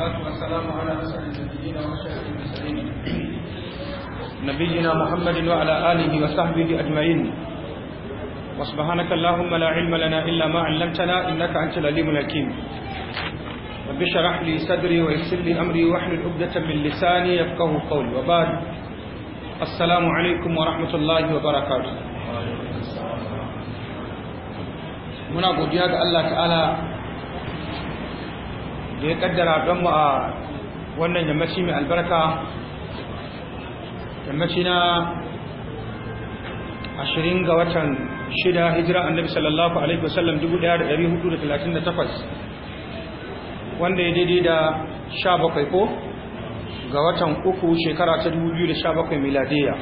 والصلاة والسلام على أسعد النبيين وأشرف المرسلين نبينا محمد وعلى آله وصحبه أجمعين وسبحانك اللهم لا علم لنا إلا ما علمتنا إنك أنت العليم الحكيم رب اشرح لي صدري ويسر لي أمري واحلل عقدة من لساني يفقهوا قولي وبعد السلام عليكم ورحمة الله وبركاته muna godiya ga Allah ta'ala da ya kaddara don mu a wannan yammaci mai albarka yammaci na ashirin ga watan shida hijira annabi sallallahu alaihi wasallam 1438 wanda ya daidai da sha bakwai ko ga watan uku shekara ta 2017 miladiyya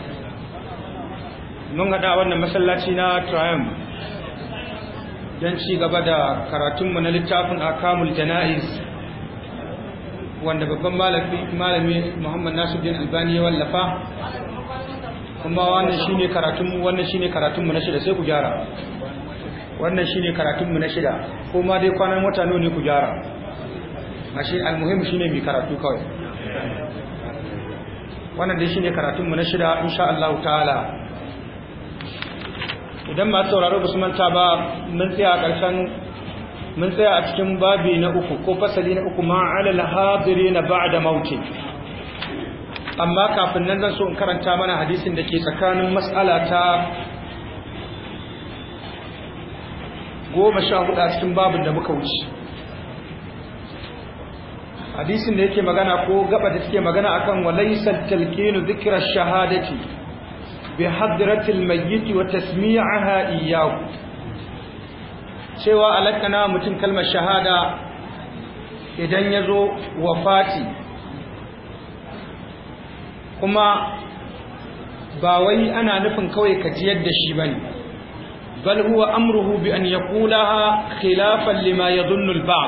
mun haɗa wannan masallaci na triumph don ci gaba da karatunmu na littafin akamul jana'iz wanda babban malami Muhammad Nasiruddin Albani ya wallafa kuma wannan shine karatun wannan shine karatun mu na shida sai ku gyara wannan shine karatun mu na shida kuma dai kwanan wata nawa ne ku gyara mashi almuhim shine mi karatu kawai wannan dai shine karatun mu na shida insha Allah ta'ala idan ma tsauraro ba su manta ba mun tsaya a ƙarshen mun tsaya a cikin babi na uku ko fasali na uku ma'alal hadiri na ba'da mauti amma kafin nan zan so in karanta mana hadisin da ke tsakanin mas'ala ta goma sha hudu a cikin babin da muka wuce hadisin da yake magana ko gaba da take magana akan walaysa talqinu dhikra shahadati bi hadratil mayyit wa tasmi'aha iyyahu cewa alakana mutum kalmar shahada idan ya zo wafati kuma ba wai ana nufin kawai ka jiyar da shi bane bal huwa amruhu bi an yaqulaha khilafan lima yadhunnu ba.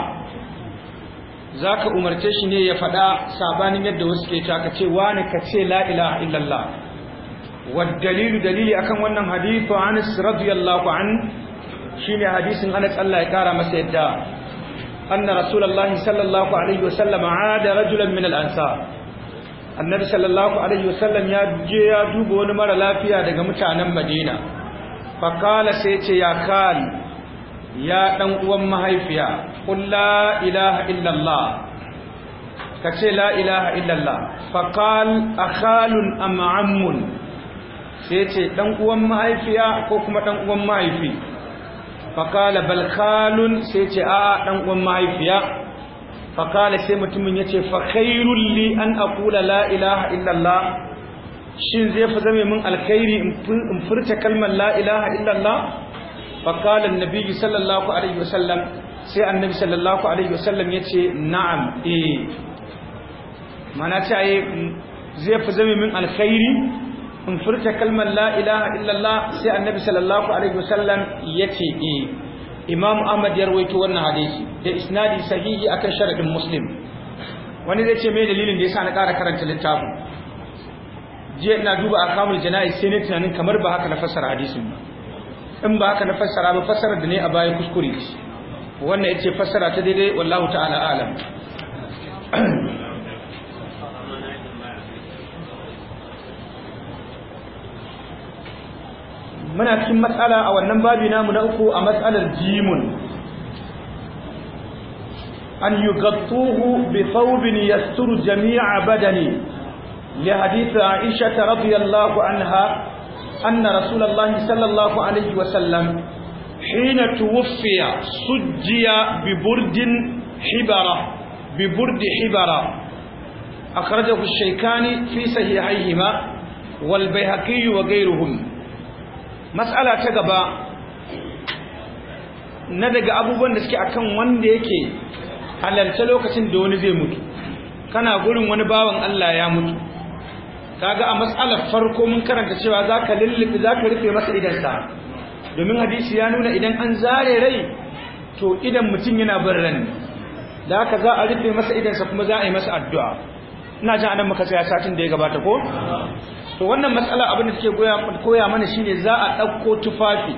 Za zaka umarce shi ne ya faɗa sabanin yadda wasu ke ta kace wani kace la ilaha illallah والدليل دليل أكن ونم حديث عن رضي الله عنه ne hadisin Anas Allah ya kara masa yadda anna rasulullahi sallallahu alaihi wasallam ada rajulan min al-ansar annabi sallallahu alaihi wasallam ya je ya duba wani mara lafiya daga mutanen Madina fa kala sai ce ya kali ya dan uwan mahaifiya qul la ilaha illallah kace la ilaha illallah fa qal akhalun am ammun sai ce dan uwan mahaifiya ko kuma dan uwan mahaifi faƙala balkalun sai ce a ɗan uwan mahaifiya faƙala sai mutumin yace ce faƙairun li an akula la ilaha illallah shin zai fi zame min alkhairi in furta kalmar la ilaha illallah faƙala nabi sallallahu alaihi wasallam sai annabi sallallahu alaihi wasallam ya ce na'am eh mana ta yi zai fi zame min alkhairi in furta kalmar la ilaha illallah sai annabi sallallahu alaihi wasallam ya ce eh. imam ahmad ya rawaito wannan hadisi da isnadi sahihi akan sharadin muslim wani zai ce me dalilin da yasa na ƙara karanta littafin jiya ina duba akamul jana'i sai ne tunanin kamar ba haka na fassara hadisin ba in ba haka na fassara ba fassara da ne a baya kuskure wannan yace fassara ta daidai wallahu ta'ala alam muna cikin matsala a wannan babi namu na uku a matsalar jimun an yugattuhu bi ya suru jami'a badani li hadith Aisha radhiyallahu anha anna Rasulullahi sallallahu alaihi wa sallam hina tuwuffiya sujjiya bi burdin hibara bi burdi hibara akhrajahu ash-Shaykani fi sahihayhima wal Baihaqi wa ghayruhum matsala ta gaba na daga abubuwan da suke akan wanda yake halarta lokacin da wani zai mutu kana gurin wani bawan Allah ya mutu kaga a matsalar farko mun karanta cewa zaka lillifi zaka rufe masa idan sa domin hadisi ya nuna idan an zare rai to idan mutum yana bin ran da haka za a rufe masa idan kuma za a yi masa addu'a ina jin anan muka tsaya satin da ya gabata ko to wannan matsala abin da suke koya mana shine za a ɗauko tufafi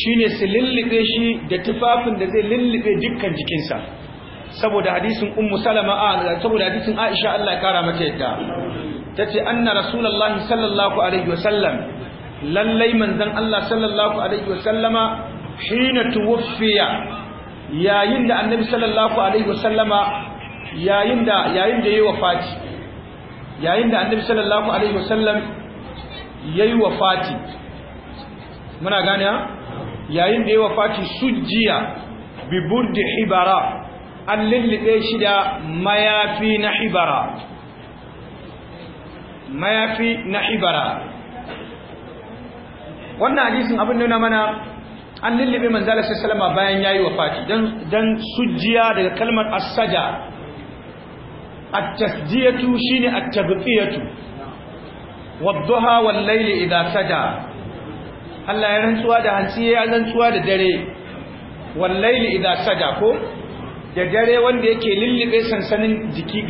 shine su lullube shi da tufafin da zai lullube dukkan jikinsa saboda hadisin ummu salama a saboda hadisin aisha Allah ya kara mata yadda ta ce anna rasulullahi sallallahu alaihi wasallam lallai manzon Allah sallallahu alaihi wasallama hina tuwfiya yayin da annabi sallallahu alaihi wasallama yayin da yayin da yayi wafati yayin da annabi sallallahu alaihi wasallam yayi wafati muna gane ha, yayin da yayi wafati sujjiya bi burdi hibara an lillibe shi da mayafi na hibara mayafi na hibara wannan hadisin abin nuna mana an lillibe manzala sallallahu alaihi wasallam bayan yayi wafati dan dan sujjiya daga kalmar as at-tasdiyatu shine at-tabqiyatu wadduha wal-layli idha saja Allah ya rantsuwa da hanci ya rantsuwa da dare wal-layli idha saja ko da dare wanda yake lullube sansanin jiki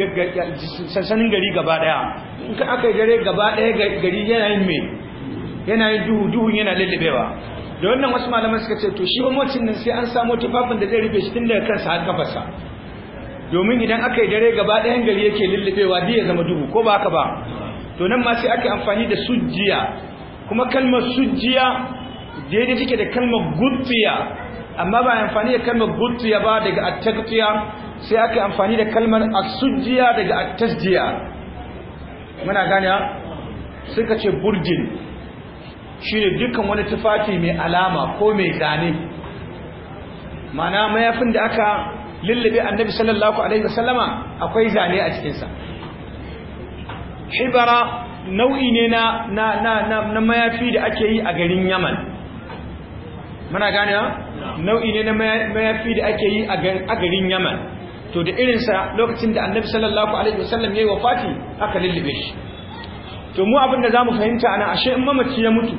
sansanin gari gaba daya in ka aka dare gaba daya gari yana yin me yana yin duhu duhu yana lullubewa da wannan wasu malaman suka ce to shi umarcin nan sai an samu tufafin da zai rufe shi tun daga kansa har kafarsa domin idan aka yi dare gaba ɗayan gari yake lullubewa biya zama duhu ko ba haka ba to nan ma sai aka amfani da sujjiya kuma kalmar sujjiya daidai take da kalmar gudfiya amma ba amfani da kalmar gudfiya ba daga attakfiya sai aka amfani da kalmar asujjiya daga attasjiya muna gane suka ce burjin shine dukkan wani tufafi mai alama ko mai zane mana mayafin da aka lullube annabi sallallahu alaihi wasallama akwai zane a cikinsa hibara nau'i ne na na mayafi da ake yi a garin yaman Mana gane nau'i ne na mayafi da ake yi a garin yaman to da irinsa lokacin da annabi sallallahu alaihi wasallam yayi wafati aka lullube shi to mu abin da zamu fahimta ana ashe in mamaci ya mutu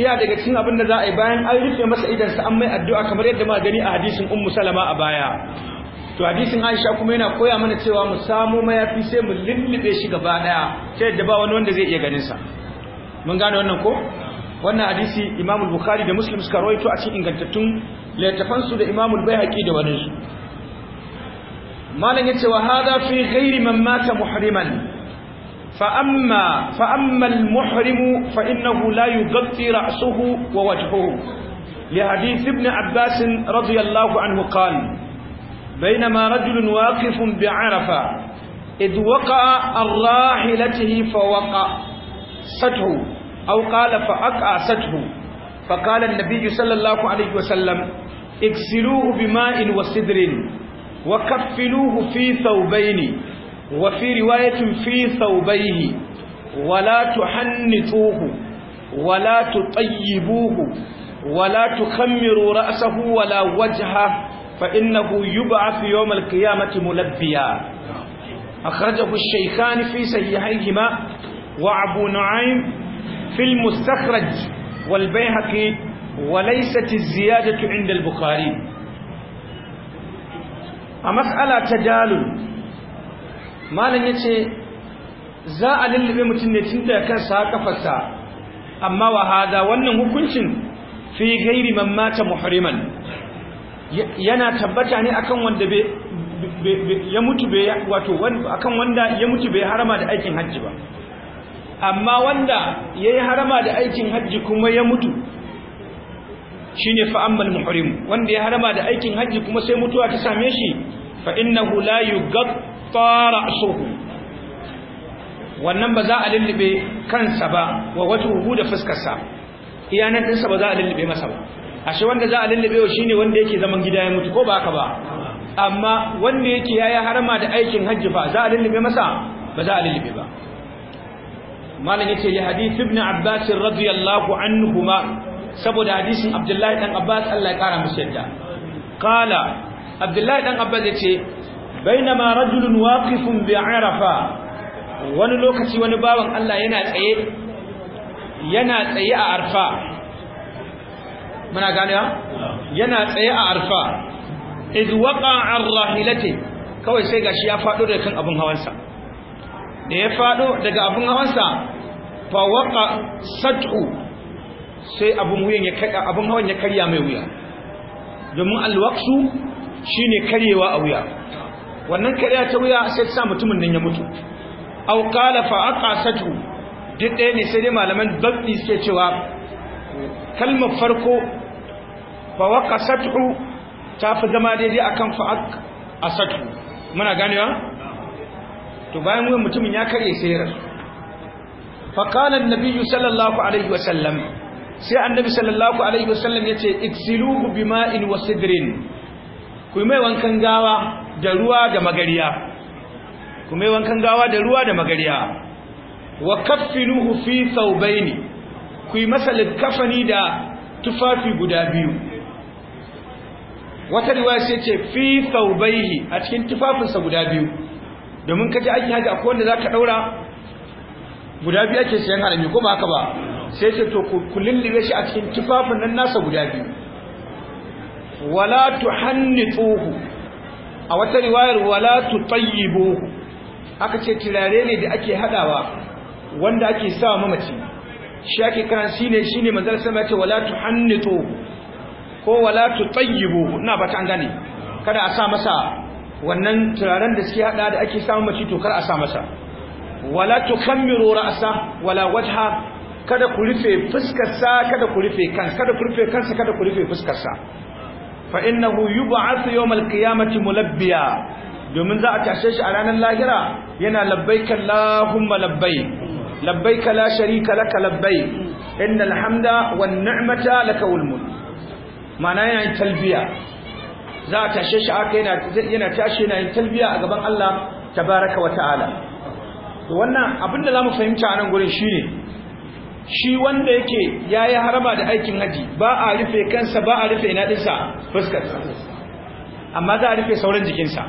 iya daga cikin abin da za a yi bayan an rufe masa sa an mai addu'a kamar yadda ma gani a hadisin ummu salama a baya to hadisin aisha kuma yana koya mana cewa mu samu mayafi sai mu lullube shi gaba daya ta yadda ba wani wanda zai iya ganin sa mun gane wannan ko wannan hadisi imamu bukhari da muslim suka rawaito a cikin ingantattun littafan su da imamu bayhaqi da wani su malam yace wa hada fi ghairi man mata muhriman فأما, فأما المحرم فإنه لا يغطي رأسه ووجهه لحديث ابن عباس رضي الله عنه قال بينما رجل واقف بعرفة إذ وقع الراحلته فوقع سته أو قال فأقع سته فقال النبي صلى الله عليه وسلم اغسلوه بماء وسدر وكفلوه في ثوبين وفي رواية في ثوبيه ولا تحنطوه ولا تطيبوه ولا تخمروا رأسه ولا وجهه فإنه يبعث يوم القيامة ملبيا أخرجه الشيخان في سيحيهما وأبو نعيم في المستخرج والبيهقي وليست الزيادة عند البخاري أمسألة تجالل malam ya ce, za a lullube mutum ne tun da kansa kafarsa amma wa hada wannan hukuncin fi gairi mamata muhariman yana tabbata ne akan wanda ya mutu bai wato akan wanda ya mutu bai harama da aikin hajji ba amma wanda yi harama da aikin hajji kuma ya mutu shi ne fa’amman muhrim wanda ya harama da aikin hajji kuma sai mutuwa ta same shi fa hula la yughad Fara asuhu wannan ba za a lullube kansa ba wa wajhuhu da fuskarsa iyanan dinsa ba za a lullube masa ba ashe wanda za a lullube shine wanda yake zaman gida ya mutu ko ba haka ba amma wanda yake ya yayi harama da aikin hajji fa za a lullube masa ba za a lullube ba malam yace li hadith ibn abbas radiyallahu anhuma saboda hadisin abdullahi dan abbas Allah ya kara musu yadda qala abdullahi dan abbas yace bainama rajulun waqifun bi arafa wani lokaci wani bawan Allah yana tsaye yana tsaye a arfa muna ganewa yana tsaye a arfa idu waqa'a ar-rahilati kawai sai gashi ya fado daga kan abun hawansa da ya fado daga abun hawansa fa waqa sat'u sai abun wuyan ya abun hawan ya karya mai wuya domin al-waqsu shine karyewa a wuya wannan kariya ta wuya sai ta sa mutumin nan ya mutu aw qala fa aqasatu duk ɗaya ne sai dai malaman dabbi suke cewa kalmar farko fa waqasatu ta fi zama daidai akan fa aqasatu muna ganewa to bayan wuyan mutumin ya kare sai ya fa qala an sallallahu alaihi wa sallam. sai annabi sallallahu alaihi wa sallam yace iksiluhu bima'in wa sidrin ku mai wankan gawa da ruwa da magariya kuma yi wankan gawa da ruwa da magariya wa kaffinuhu fi thawbaini ku yi masa kafani da tufafi guda biyu wata riwaya sai ce fi thawbaihi a cikin tufafinsa guda biyu domin kaje aiki haji akwai wanda zaka daura guda biyu ake sayan harami ko ba haka ba sai ce to ku lullube shi a cikin tufafin nan nasa guda biyu wala tuhannituhu a wata riwayar wala tutayyibu aka ce turare ne da ake hadawa wanda ake sawa mamaci shi ake kiran shine shine manzal sama yake wala tuhannitu ko wala tutayyibu ina ba ta gane kada a sa masa wannan turaren da suke hada da ake sawa mamaci to kar a sa masa wala tukammiru ra'sa wala wajha kada ku rufe fuskarsa kada ku rufe kansa kada ku rufe kansa kada ku rufe fuskarsa fa innahu yub'athu yawmal qiyamati mulabbiya domin za a tashe shi a ranar lahira yana labbaika allahumma labbaik labbaika la sharika laka labbaik innal hamda wan ni'mata laka wal mulk ma'ana yana talbiya za a tashe shi yana yana tashi yana yin talbiya a gaban Allah tabaraka wa ta'ala to wannan abinda zamu fahimta a nan gurin shine shi wanda yake yi harama da aikin haji ba a rufe kansa ba a rufe ina dinsa fuskar amma za a rufe sauran jikinsa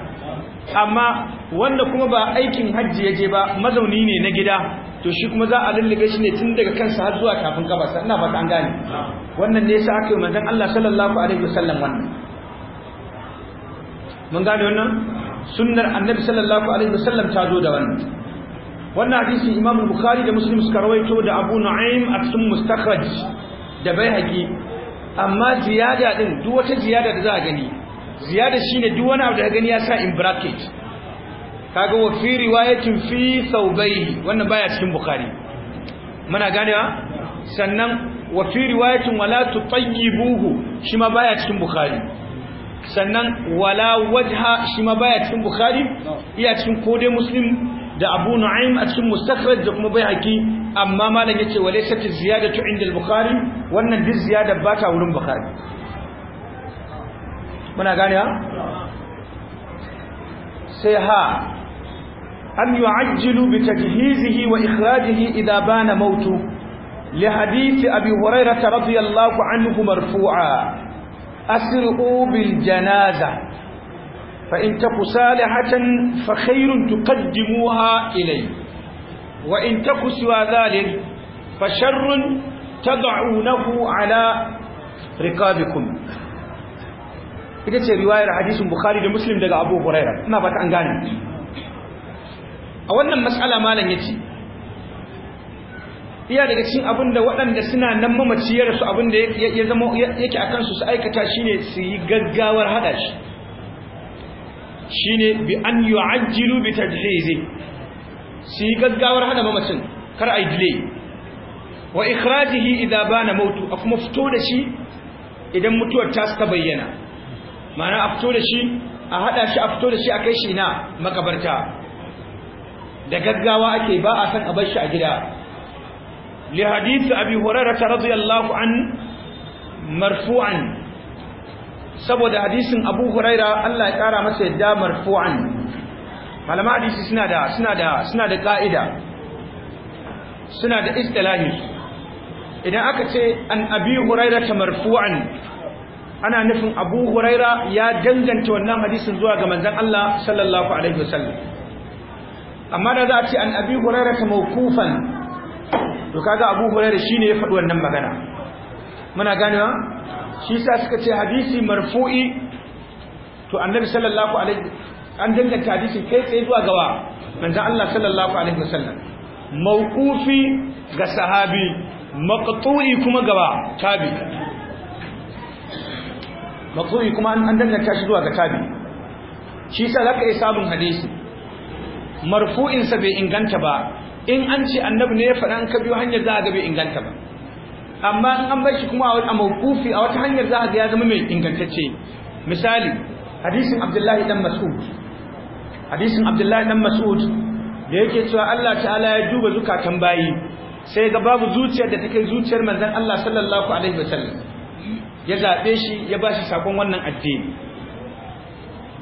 amma wanda kuma ba aikin hajji je ba mazauni ne na gida to shi kuma za a lullube shi ne tun daga kansa har zuwa kafin gabasa. ina fata an gane wannan ne yasa aka yi manzon Allah sallallahu alaihi wasallam wannan mun gane wannan sunnar annabi sallallahu alaihi wasallam ta zo da wannan wannan hadisi imam bukhari da muslim suka rawaito da abu na'im a cikin mustakhraj da baihaqi amma ziyada din duk wata ziyada da za a gani ziyada shine duk wani abu da gani ya sa in bracket kaga wa fi riwayatin fi thawbayhi wannan baya cikin bukhari muna ganewa sannan wa fi riwayatin wala tutayyibuhu shi ma baya cikin bukhari sannan wala wajha shi ma baya cikin bukhari iya cikin kodai muslim da Abu Nu'aym a cikin Mustakhraj da kuma Baihaqi amma malam yace walaysat ziyadatu inda al-Bukhari wannan duk ziyada ba ta wurin Bukhari muna gane ha sai ha an yu'ajjilu bi tajhizihi wa ikhrajihi idha bana mautu li hadith Abi Hurairah radiyallahu anhu marfu'a asri'u bil janazah فإن تك صالحة فخير تقدموها إلي وإن تك سوى ذلك فشر تضعونه على رقابكم ita رواية الحديث hadisin bukhari da أبو daga ما بات ina ba ta an gane a wannan iya daga cikin abin da waɗanda suna nan mamaciyar su abin da ya zama yake a kansu su aikata shine su yi gaggawar haɗa shi shine bi an yu'ajjilu bi tajhizi su yi gaggawar hana mamacin kar yi dile wa ikhrajihi ba bana mautu a kuma fito da shi idan mutuwar ta ta bayyana ma'ana a fito da shi a hada shi a fito da shi a kai shi na makabarta da gaggawa ake ba a san a bar shi a gida li hadisi abi hurairah radiyallahu an marfu'an saboda hadisin Abu Huraira Allah ya kara masa yadda marfu'an malama hadisi suna da suna da suna da ka'ida suna da istilahi idan aka ce an Abi Huraira ta marfu'an ana nufin Abu Huraira ya danganta wannan hadisin zuwa ga manzon Allah sallallahu alaihi wasallam amma da za a ce an Abi Huraira ta mawqufan to kaga Abu Huraira shine ya faɗi wannan magana muna ganewa shi sa suka ce hadisi marfu'i to annabi sallallahu alaihi an danganta hadisi kai tsaye zuwa gawa manzon Allah sallallahu alaihi wasallam mawqufi ga sahabi maqtu'i kuma gaba tabi maqtu'i kuma an danganta shi zuwa ga tabi shi sa zaka yi sabon hadisi marfu'in sa bai inganta ba in an ce annabi ne ya faɗa an ka biyo hanyar za a ga bai inganta ba amma in an bar shi kuma a mawqufi a wata hanyar za a ga ya zama mai ingantacce misali hadisin Abdullahi dan Mas'ud hadisin Abdullahi dan Mas'ud da yake cewa Allah ta'ala ya duba zukatan bayi sai ga babu zuciyar da take zuciyar manzon Allah sallallahu alaihi wasallam ya zabe shi ya ba shi sakon wannan addini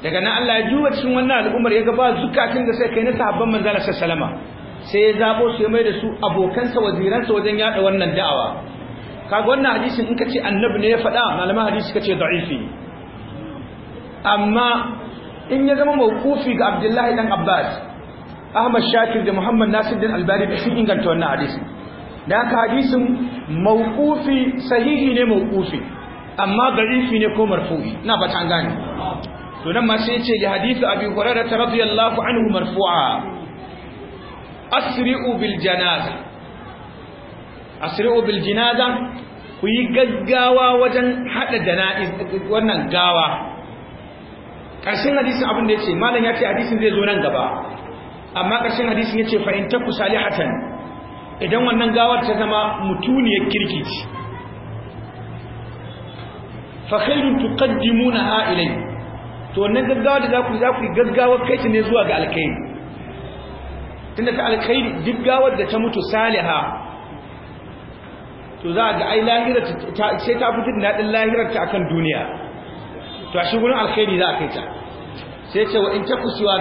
daga nan Allah ya duba cikin wannan al'ummar ya ga ba zukatun da sai kai na sahabban manzon Allah sallallahu alaihi wasallam sai ya zabo su ya mai da su abokansa waziransa wajen yada wannan da'awa kaga wannan hadisin in kace annabi ne ya faɗa malaman hadisi kace da'ifi amma in ya zama mawqufi ga Abdullahi dan Abbas Ahmad Shakir da Muhammad Nasiruddin Albani sun inganta wannan hadisi. da haka hadisin mawqufi sahihi ne mawqufi amma da'ifi ne ko marfu'i ina ba ta gane to nan ma sai ya ya hadisi Abi Hurairah radiyallahu anhu marfu'a asri'u bil janazah asri'u bil jinaza ku yi gaggawa wajen hada jana'iz wannan gawa karshen hadisin abin da yace malam yace hadisin zai zo nan gaba amma karshen hadisin yace fa in taku salihatan idan wannan gawar ta zama mutuniyar kirki ce fa khairun tuqaddimunaha ilayhi to wannan gaggawa da zaku zaku yi gaggawa kai ne zuwa ga alkhairi tunda ta alkhairi gaggawar da ta mutu saliha to za a ga ai lahirarta sai ta fi da daɗin lahirarta ta akan duniya to a shi gurin alkhairi za a kai ta sai ce wa in ta kusuwa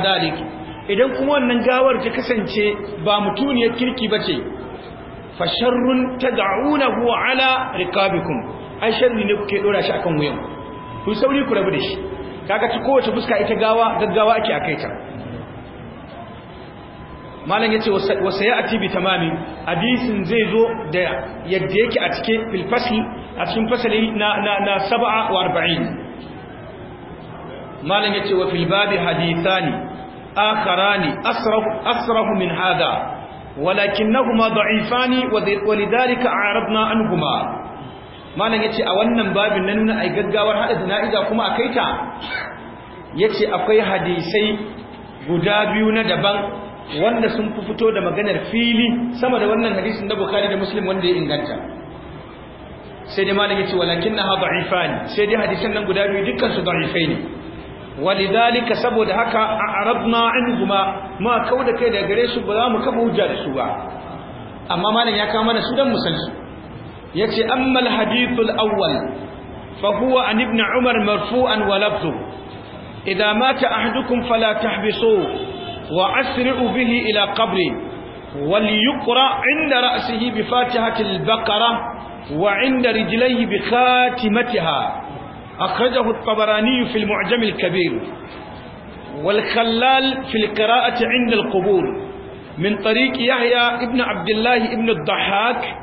idan kuma wannan gawar ta kasance ba mutuniyar kirki ba ce fa sharrun huwa ala rikabikun. ai sharri ne kuke dora shi akan wuyan ku sauri ku rabu da shi kaga ta kowace fuska ita gawa gaggawa ake akaita malam yace a sayati bi tamami hadisin zai zo da yadda yake a cikin filfasi a cikin fasali na saba'a wa arba'in. malam ce wa fil hadithani akharani asrahu asrahu min hada walakinnahuma da'ifani wa na an anhuma malam yace a wannan babin na nuna ai gaggawar hada jana'iza kuma akai ta yace akwai hadisai guda biyu na daban wanda sun fi fito da maganar fili sama da wannan hadisin na bukhari da muslim wanda ya inganta sai dai malam yace walakinnaha da'ifan sai dai hadisan nan guda biyu dukkan su da'ifai ne walidhalika saboda haka a'radna anhuma ma kauda kai da gare su ba za mu kafa hujja da su ba amma malam ya kawo mana su dan musalsu yace ammal al-hadith al-awwal fa huwa an ibn umar marfu'an wa lafzu idza mata ahadukum fala tahbisuhu وأسرع به إلى قبري وليقرأ عند رأسه بفاتحة البقرة وعند رجليه بخاتمتها أخرجه الطبراني في المعجم الكبير والخلال في القراءة عند القبور من طريق يحيى ابن عبد الله ابن الضحاك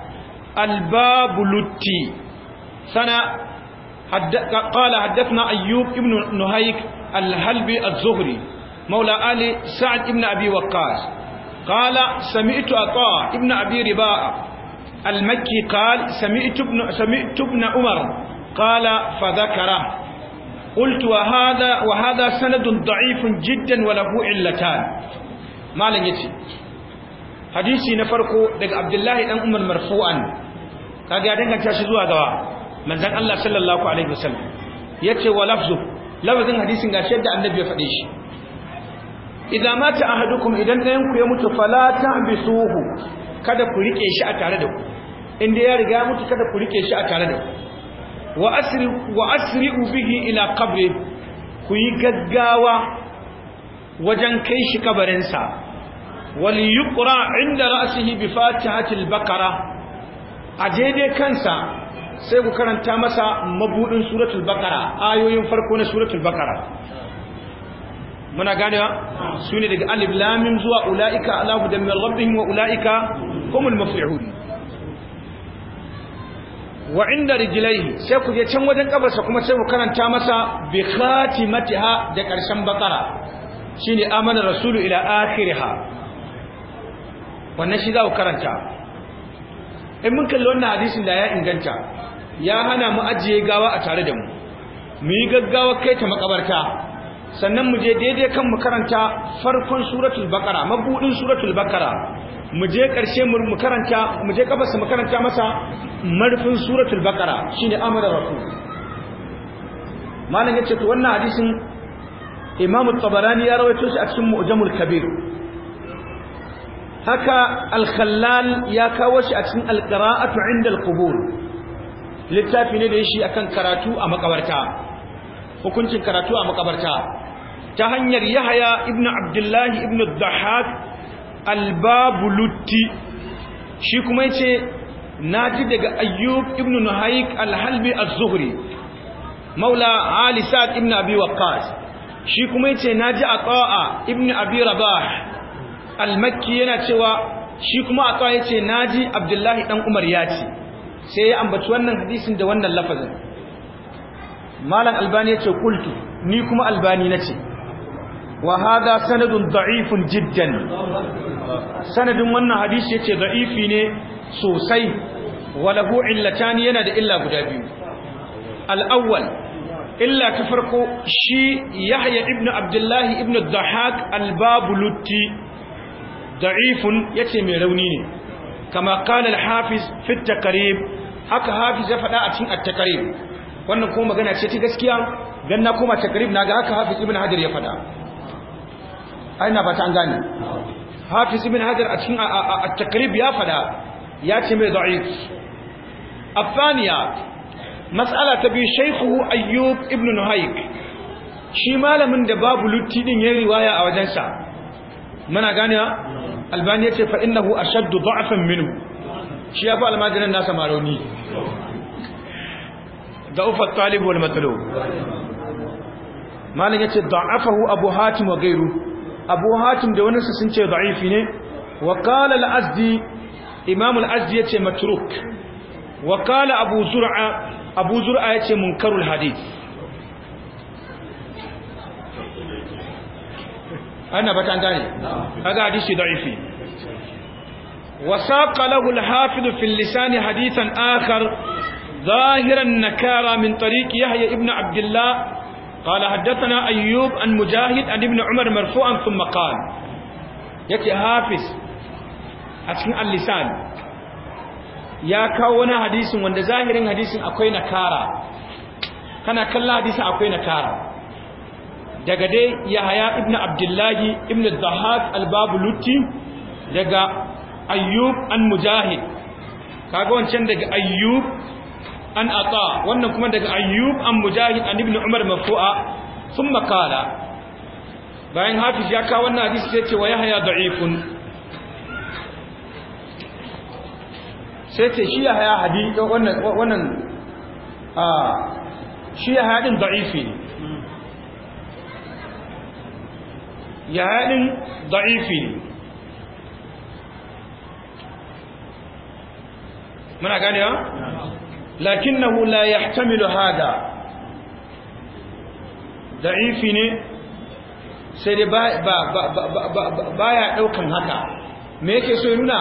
الباب لتي سنة حد... قال حدثنا أيوب ابن نهيك الهلبي الزهري مولى علي سعد بن أبي وقاص قال سمعت عطاء بن أبي رباء المكي قال سمعت ابن, سمعت ابن عمر قال فذكره قلت وهذا وهذا سند ضعيف جدا وله علتان ما لن يتي حديثي نفرقو دق عبد الله بن عمر مرفوعا kaga ya danganta shi zuwa gawa manzon Allah sallallahu alaihi wasallam yace wa lafzu lafazin hadisin gashi yadda annabi ya faɗe shi Idan mata ahadukum idan ɗayan ku ya mutu fala suhu kada ku rike shi a tare da ku inda ya riga mutu kada ku rike shi a tare da ku wa asri wa asri bihi ila qabri ku yi gaggawa wajen kai shi kabarinsa wal yuqra inda ra'sihi bi fatihatil baqara a daidai kansa sai ku karanta masa mabudin suratul baqara ayoyin farko na suratul baqara muna ganewa su ne daga alif lamim zuwa ula'ika alahu da min rabbihim wa ula'ika humul muflihun wa inda rijlaihi sai ku je can wajen kabarsa kuma sai ku karanta masa bi khatimatiha da karshen bakara shine amana rasulu ila akhiriha wannan shi za ku karanta in mun kalli wannan hadisin da ya inganta ya hana mu ajiye gawa a tare da mu mu yi gaggawa kai ta makabarta sannan muje daidai kan mu karanta farkon suratul baqara mabudin suratul baqara mu je karshe mu karanta mu je su mu karanta masa marfin suratul baqara shine amara rasul malam yace to wannan hadisin imam at-tabarani ya rawaito shi a cikin mu'jamul kabir haka al-khallal ya kawo shi a cikin al-qira'atu 'inda al-qubur littafi ne da shi akan karatu a makabarta hukuncin karatu a makabarta ta hanyar yahaya ibn abdullahi ibn al-babulutti shi kuma yace naji daga ayyub ibn nuhaik alhalbi az-zuhri maula ali sa'd ibn abi waqqas shi kuma yace naji ata'a ibn abi rabah al-makki yana cewa shi kuma ata'a yace naji abdullahi dan umar yace sai ya ambaci wannan hadisin da wannan lafazin malam albani yace qultu ni kuma albani nace wa hada sanadun da'ifun jiddan sanadin wannan hadisi yace da'ifi ne sosai walahu illatani yana da illa guda biyu al illa ta farko shi yahya ibnu abdullahi ibnu dhahak al-babuluti da'ifun yace mai rauni ne kama qala hafiz fi at haka hafiz ya faɗa a cikin at-taqrib wannan kuma magana ce ta gaskiya dan na koma taqrib naga haka hafiz ibnu hajar ya faɗa aina ba ta an gane hafiz ibn hajar a cikin at takrib ya fada ya ce mai da'if afaniya mas'ala ta bi shaykhu ayyub ibn nuhayk shi malamin da babu lutti din yayin riwaya a wajen sa muna gane albani yace fa innahu ashaddu da'fan minhu shi ya fa almajirin nasa marauni ضعف الطالب والمطلوب مالك يتضعفه أبو wa وغيره abu hatim da wani sun ce da'ifi ne wa qala al imam al-azdi yace matruk wa qala abu zur'a abu zur'a yace munkarul hadith ana bata gane kaga hadisi da'ifi wa saqa lahu al-hafiz fi al-lisan hadithan akhar ظاهر النكارة min طريق يحيى ابن عبد قال حدثنا أيوب عن an عن ابن عمر مرفوعا ثم قال Hafiz. حافظ أتكن اللسان ya kawo wani hadisin wanda zahirin hadisin akwai nakara kana kalla hadisin akwai nakara daga dai yahaya ibnu abdullahi ibnu dhahak al-babu lutti daga ayyub an mujahid kaga wancan daga ayyub an ata wannan kuma daga ayyub an mujahid an ibn umar marfu'a thumma qala bayan hafiz ya kawo wannan hadisi sai ce wa yahya da'ifun sai ce shi yahya hadisi wannan wannan a shi yahya din da'ifi ne yahya din da'ifi ne muna gane ha lakinnahu la yahtamilu hada da'ifi ne sai dai ba ya daukan haka me yake so ya nuna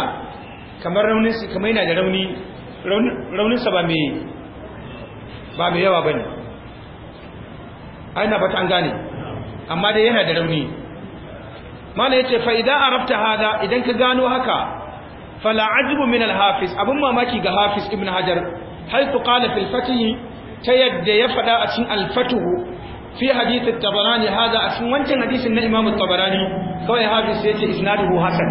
kamar raunin kamar yana da rauni raunin sa ba me ba me yawa bane aina ba ta an gane amma dai yana da rauni mana yace fa idan arafta hada idan ka gano haka fala ajibu min al-hafiz abun mamaki ga hafiz ibn hajar haitu qala fil fatih ta yadda ya faɗa a cikin al-fatuhu fi hadith at-tabarani a cikin wancan hadisin na imam at-tabarani kawai hadis ce isnaduhu hasan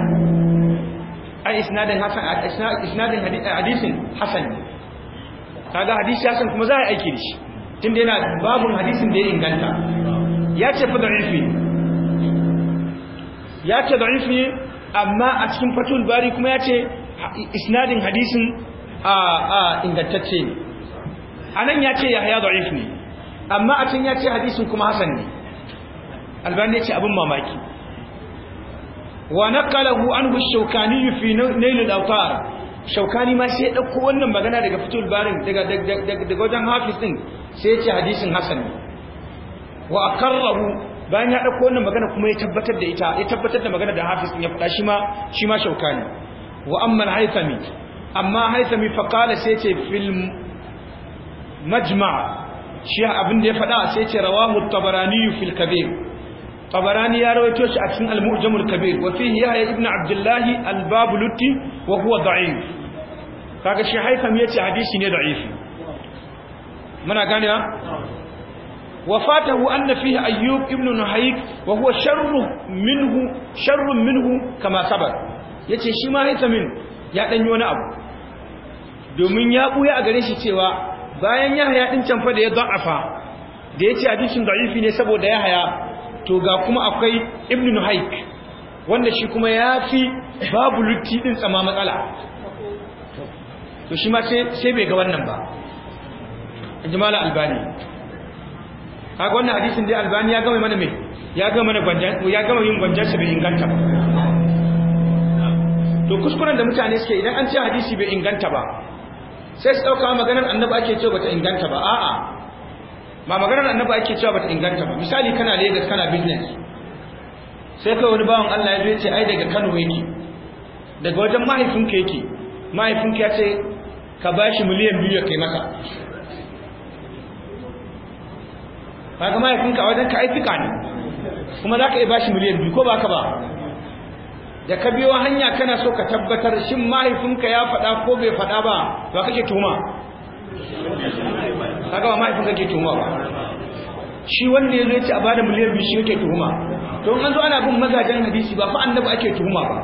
ai isnadin hasan isnadin hadisin hasan kaga hadisi hasan kuma za a aiki da shi tunda yana babun hadisin da ya inganta ya ce fa da'ifi ya ce da'ifi amma a cikin fatul bari kuma ya ce isnadin hadisin a a ingantacce ne anan ya ce yahya da'if ne amma a can ya ce hadisin kuma hasan ne albani ya ce abin mamaki wa naqalahu anhu ash-shawkani fi nail al shaukani ma sai ya ɗauko wannan magana daga fitul barin daga wajen hafiz din sai ya ce hadisin hasan ne wa karrahu bayan ya ɗauko wannan magana kuma ya tabbatar da ita ya tabbatar da magana da hafiz din ya faɗa shi ma shaukani wa amma al-haythami amma haisami faƙala sai ce fil majma shi abin da ya faɗa sai ce rawahu tabarani fil kabir tabarani ya rawaito shi a cikin almujamul mujamul kabir wa fihi yahya ibn abdullah al-babuluti wa huwa da'if kaga shi haisami yace hadisi ne da'if muna gane وفاته أن فيه أيوب ابن نهيك وهو شر منه شر منه كما سبق yace shi ma haita min ya danyi wani abu domin ya buya a gare shi cewa bayan ya haya can fa da ya da'afa da ya ce dukkan da'ifi ne saboda ya haya to ga kuma akwai ibn haik wanda shi kuma ya fi babu lutti ɗin tsama matsala to shi ma sai bai ga wannan ba jimala albani kaga wannan hadisin dai albani ya gama mana mai ya gama mana gwanjan ya gama yin gwanjan bai inganta ba to kuskuren da mutane suke idan an ce hadisi bai inganta ba sai su ɗauka maganar annabi ake cewa bata inganta ba a'a Ma maganar annabi ake cewa bata inganta ba misali kana Lagos kana business sai kai wani bawan Allah ya zo ce ai daga Kano yake daga wajen mahaifin ka yake mahaifin ya ce ka bashi miliyan biyu ya kai maka Ba ga mahaifinka ka wajen ka aifika ne kuma za ka iya bashi miliyan biyu ko ba ka ba da ka biyo hanya kana so ka tabbatar shin mahaifinka ya faɗa ko bai faɗa ba ba kake tuma kaga ba mahaifinka ke tuma ba shi wanda ya zo ya ci a bada miliyar biyu shi yake tuhuma to an zo ana bin mazajen hadisi ba fa annabi ake tuhuma ba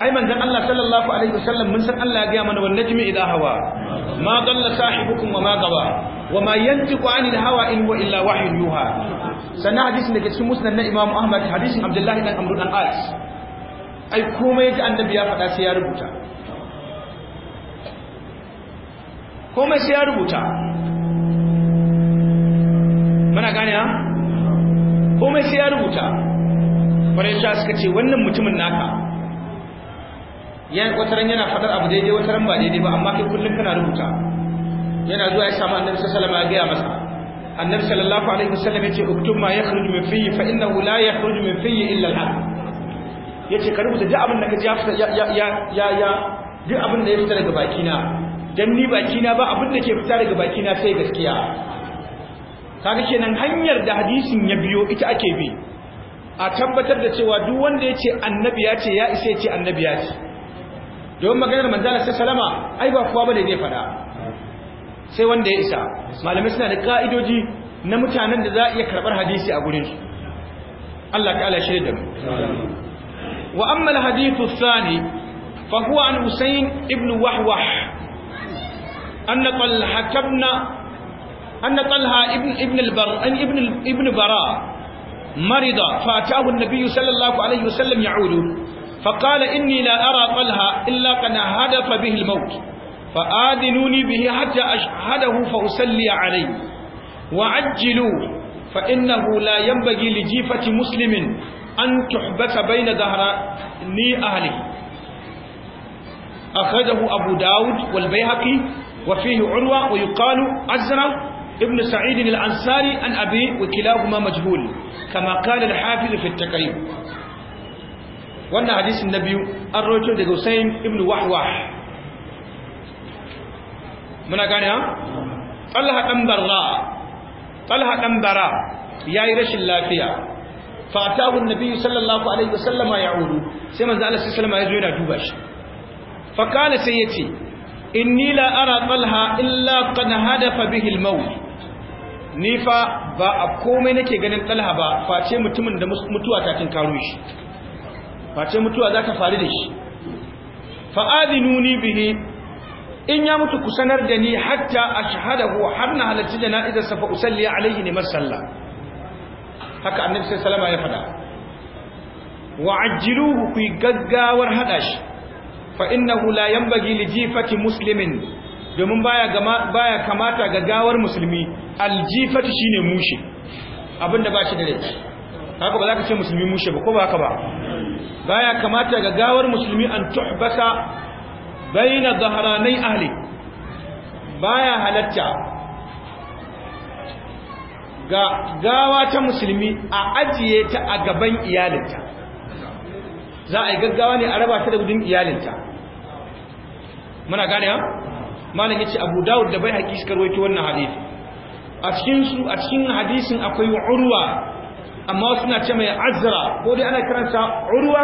ai manzon Allah sallallahu alaihi wasallam mun san Allah ya ga mana wannan jimi idha hawa ma dalla sahibukum wa ma gawa wa ma yantiqu anil hawa in huwa illa wahyu yuha sanan hadisin da ke cikin musnad na Imam Ahmad hadisin Abdullahi ibn Amr ibn Al-As ai komai ji annabi ya faɗa sai ya rubuta komai sai ya rubuta muna gane ha komai sai ya rubuta ƙwararra suka ce wannan mutumin naka kwataran yana faɗar abu daidai wataran ba daidai ba amma kai kullum kana rubuta yana zuwa ya samu annabi sallallahu alaihi wasallam ya gaya masa annabi sallallahu alaihi wasallam ya ce uktum ma yakhruju min fihi fa innahu la yakhruju min fihi illa al-haq yace ka rubuta duk abin da ka ya duk abin da ya fita daga bakina don ni bakina ba abin da ke fita daga bakina sai gaskiya kaga kenan hanyar da hadisin ya biyo ita ake bi a tabbatar da cewa duk wanda ce annabi ya ce ya isa ce annabi ya ce don maganar manzana sai salama ai ba kowa bane zai fada sai wanda ya isa malamai suna da ka'idoji na mutanen da za a iya karbar hadisi a gurin Allah Allah ala shirya da mu وأما الحديث الثاني فهو عن حسين ابن وحوح أن طلحة ابن أن طلحة ابن ابن البر ابن ابن براء مرض فأتاه النبي صلى الله عليه وسلم يعود فقال إني لا أرى طلحة إلا قد هدف به الموت فآذنوني به حتى أشهده فأسلي عليه وعجلوه فإنه لا ينبغي لجيفة مسلم أن تحبس بين ظهراني أهلي أخرجه أبو داود والبيهقي وفيه عروة ويقال أزرع ابن سعيد الأنصاري أن أبي وكلاهما مجهول كما قال الحافظ في التكريم وأن حديث النبي الرجل لغسين ابن وحواح من أقول يا طلها أمبر طلها أمبر يا رشل لا فيها fatahu annabi sallallahu alaihi wasallam ya'udu sai manzo Allah sallallahu alaihi wasallam ya zo duba shi fa kana sai yace inni la ara talha illa qad hadafa bihi al-maut ni fa ba a komai nake ganin talha ba face mutumin da mutuwa ta tin karo shi face mutuwa za ta faru da shi fa adinuni bihi in ya mutu ku sanar da ni a ashhadahu har na halarci jana'izarsa fa usalli alaihi ne sallah. haka annabi sai salama ya faɗa wa ajiluhu ku gaggawar haɗa shi fa innahu la yanbaghi li jifati muslimin domin baya baya kamata gaggawar musulmi aljifatu shine mushi abinda ba shi da rai haka ba za ka ce musulmi mushe ba ko ba haka ba baya kamata gaggawar musulmi an tuhbasa baina dhahranai ahli baya halatta ga gawa ta musulmi a ajiye ta a gaban iyalinta za a yi gaggawa ne a raba ta da gudun iyalinta muna gane ha malin yace Abu Dawud da bai haƙi suka rawaito wannan hadisi a cikin su a cikin hadisin akwai Urwa amma suna ce mai Azra ko dai ana kiransa Urwa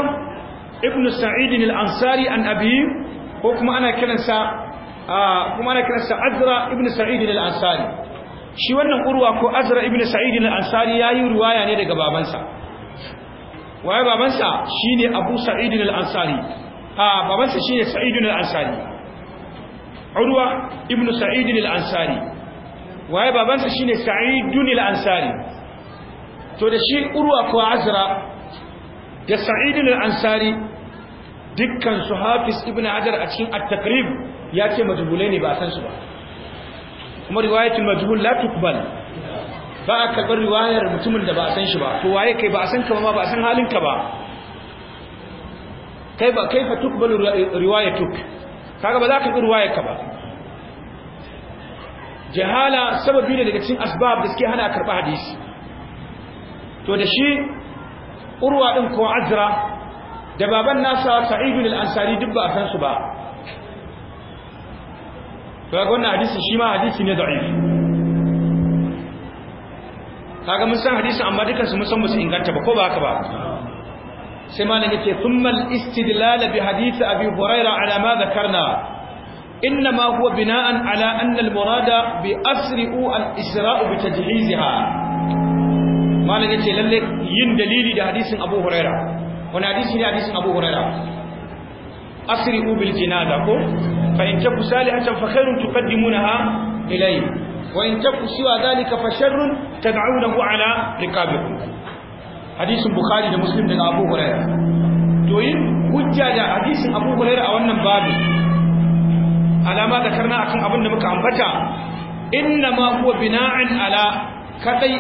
ibn Sa'id al-Ansari an Abi ko kuma ana kiransa kuma ana kiransa Azra ibn Sa'id al-Ansari shi wannan urwa ko azra ibn sa'id al-ansari yayi riwaya ne daga babansa waye babansa shine abu sa'id al-ansari a babansa shine sa'id al-ansari urwa ibn sa'id al-ansari waye babansa shine sa'id al-ansari to da shi urwa ko azra da sa'id al-ansari dukkan su hafiz ibn hajar a cikin at-taqrib yace majbulai ne ba san su ba kuma riwayatul majhul la tuqbal ba a karɓar riwayar mutumin da ba a san shi ba to waye kai ba a san ka ba ba a san halinka ba kai ba kai fa tuqbalu riwayatuk kaga ba za ka karɓi riwayar ka ba jahala sababi ne daga cikin asbab da suke hana karɓa hadisi to da shi urwa din ko azra da baban nasa sa'id al-ansari duk ba a san su ba kaga wannan hadisi shi ma hadisi ne da'if kaga mun san hadisi amma dukkan su mun san musu inganta ba ko ba haka ba sai malam yace thumma al-istidlal bi hadith abi huraira ala ma dhakarna انما هو بناء على ان المراد باسرئ الاسراء بتجهيزها malam yace lalle yin dalili da hadisin abu huraira wani hadisi ne hadisin abu huraira asri'u bil jinaza ko fa in taku salihatan fa khairun tuqaddimunaha ilayhi wa in taku siwa dhalika fa sharrun tad'unahu ala riqabikum hadisin bukhari da muslim daga abu hurairah to yin hujja da hadisin abu hurairah a wannan babu alama da zakarna akan abin da muka ambata inna ma huwa bina'an ala kadai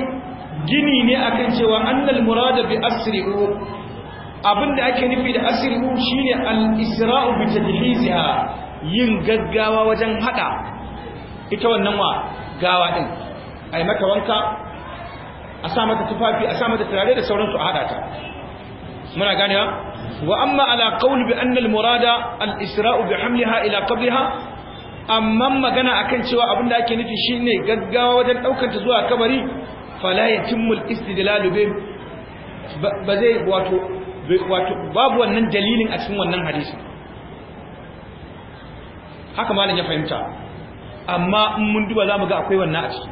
gini ne akan cewa annal murada bi asri'u Abin da ake nufi da asri'u shine al-isra'u bi tadhihiha yin gaggawa wajen hada ita wannan wa gawa din ai maka wanka a sa mata tufafi a sa mata turare da sauransu a hada ta muna ganewa wa amma ala qawli bi anna al-murada al-isra'u bi hamliha ila qabriha amma magana akan cewa abin da ake nufi shine gaggawa wajen daukar ta zuwa kabari fala yatimmu al-istidlalu bi ba zai wato wato babu wannan dalilin a cikin wannan hadisi haka malam ya fahimta amma in mun duba za mu ga akwai wannan a ciki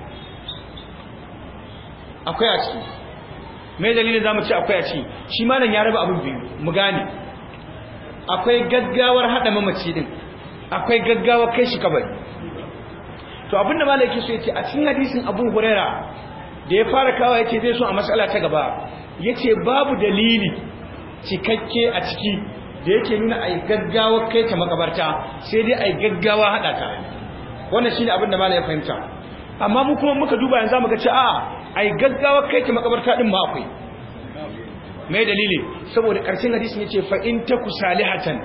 akwai a ciki me dalilin za mu ce akwai a ciki shi malam ya raba abin biyu mu gane akwai gaggawar hada mamaci din akwai gaggawar kai shi kabari to abinda malam yake so ce a cikin hadisin Abu hurera da ya fara kawo ce zai so a matsala ta gaba yace babu dalili cikakke a ciki da yake nuna a gaggawa kai ta makabarta sai dai a gaggawa haɗa ka wannan ne abin da malam ya fahimta amma mu kuma muka duba yanzu muka ce a a gaggawa kai ta makabarta din ma akwai mai dalili saboda ƙarshen ne ce fa in ku salihatan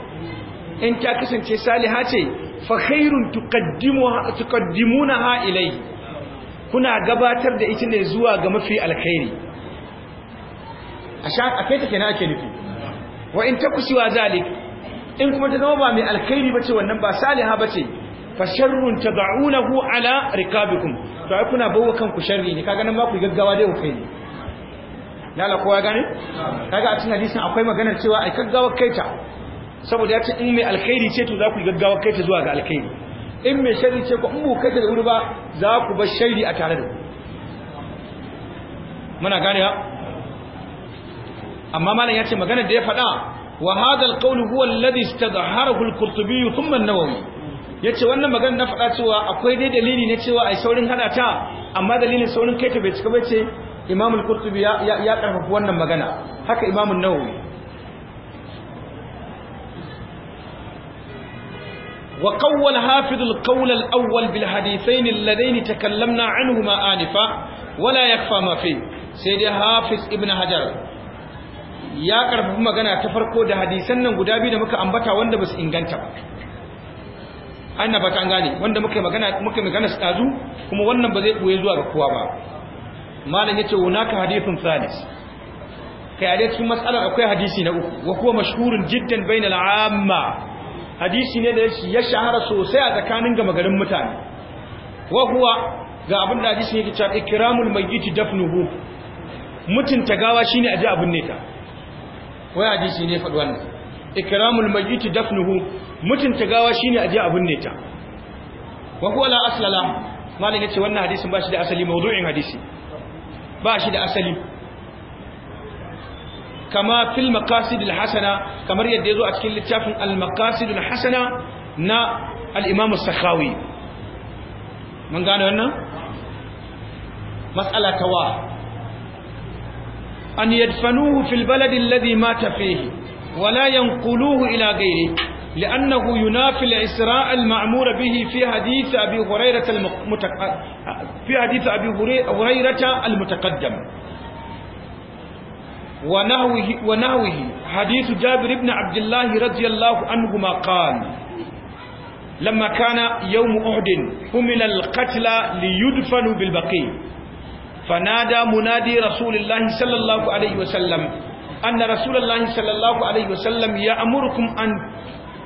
in ta kasance saliha ce fa khairun tuqaddimuha ha ilai kuna gabatar da ita ne zuwa ga mafi alkhairi a sha akai take na ake nufi wa in takushiwa zalik in kuma ta zama ba mai alkhairi bace wannan ba saliha bace fa sharrun tad'unahu ala rikabikum to ai kuna bawo kanku sharri ne kaga nan ba ku gaggawa dai ku kai ne lala kowa gane kaga a cikin hadisin akwai maganar cewa ai gaggawa kaita saboda ya ce in mai alkhairi ce to za ku gaggawa kai ta zuwa ga alkhairi in mai sharri ce ku in mu kaita da wuri ba za ku bar sharri a tare da ku muna gane ha. amma malam ya ce magana da ya faɗa wa hadal qawlu huwa alladhi istadhharahu al-qurtubi thumma an-nawawi yace wannan magana na faɗa cewa akwai dai dalili ne cewa ai saurin hada ta amma dalilin saurin kai ta bai cika bace imam al-qurtubi ya ya karfafa wannan magana haka imam an-nawawi wa qawwal hafid al-qawl al-awwal bil hadithain alladaini takallamna anhuma anifa wala yakfa ma fi sai dai hafiz ibn hajar ya karfafi magana ta farko da hadisan nan guda biyu da muka ambata wanda ba su inganta ba annaba ta gane wanda muka magana muka magana su tazu kuma wannan ba zai boye zuwa ga kowa ba malam yace naka hadithun thalis kai a cikin matsalar akwai hadisi na uku wa kuma mashhurun jiddan bainal amma hadisi ne da ya shahara sosai a tsakanin gama garin mutane wa huwa ga abin da hadisi yake cewa ikramul mayyit dafnuhu mutunta gawa shine aje abin ne ta wai hadisi ne faɗi wannan ikramul majiti dafnuhu mutunta gawa shine aje abun ne ta wa huwa la asla la malin yace wannan hadisin ba shi da asali mawdu'in hadisi ba shi da asali kama fil maqasid al hasana kamar yadda yazo a cikin littafin al maqasid al hasana na al imam as-sakhawi mun gane wannan mas'ala ta wa أن يدفنوه في البلد الذي مات فيه ولا ينقلوه إلى غيره لأنه ينافي الإسراء المعمور به في حديث أبي هريرة في حديث أبي هريرة المتقدم ونهوه, ونهوه حديث جابر بن عبد الله رضي الله عنهما قال لما كان يوم أهد حمل القتلى ليدفنوا بالبقي fanada munadi rasulullahi sallallahu alaihi wasallam anna rasulullahi sallallahu alaihi wasallam ya amurukum an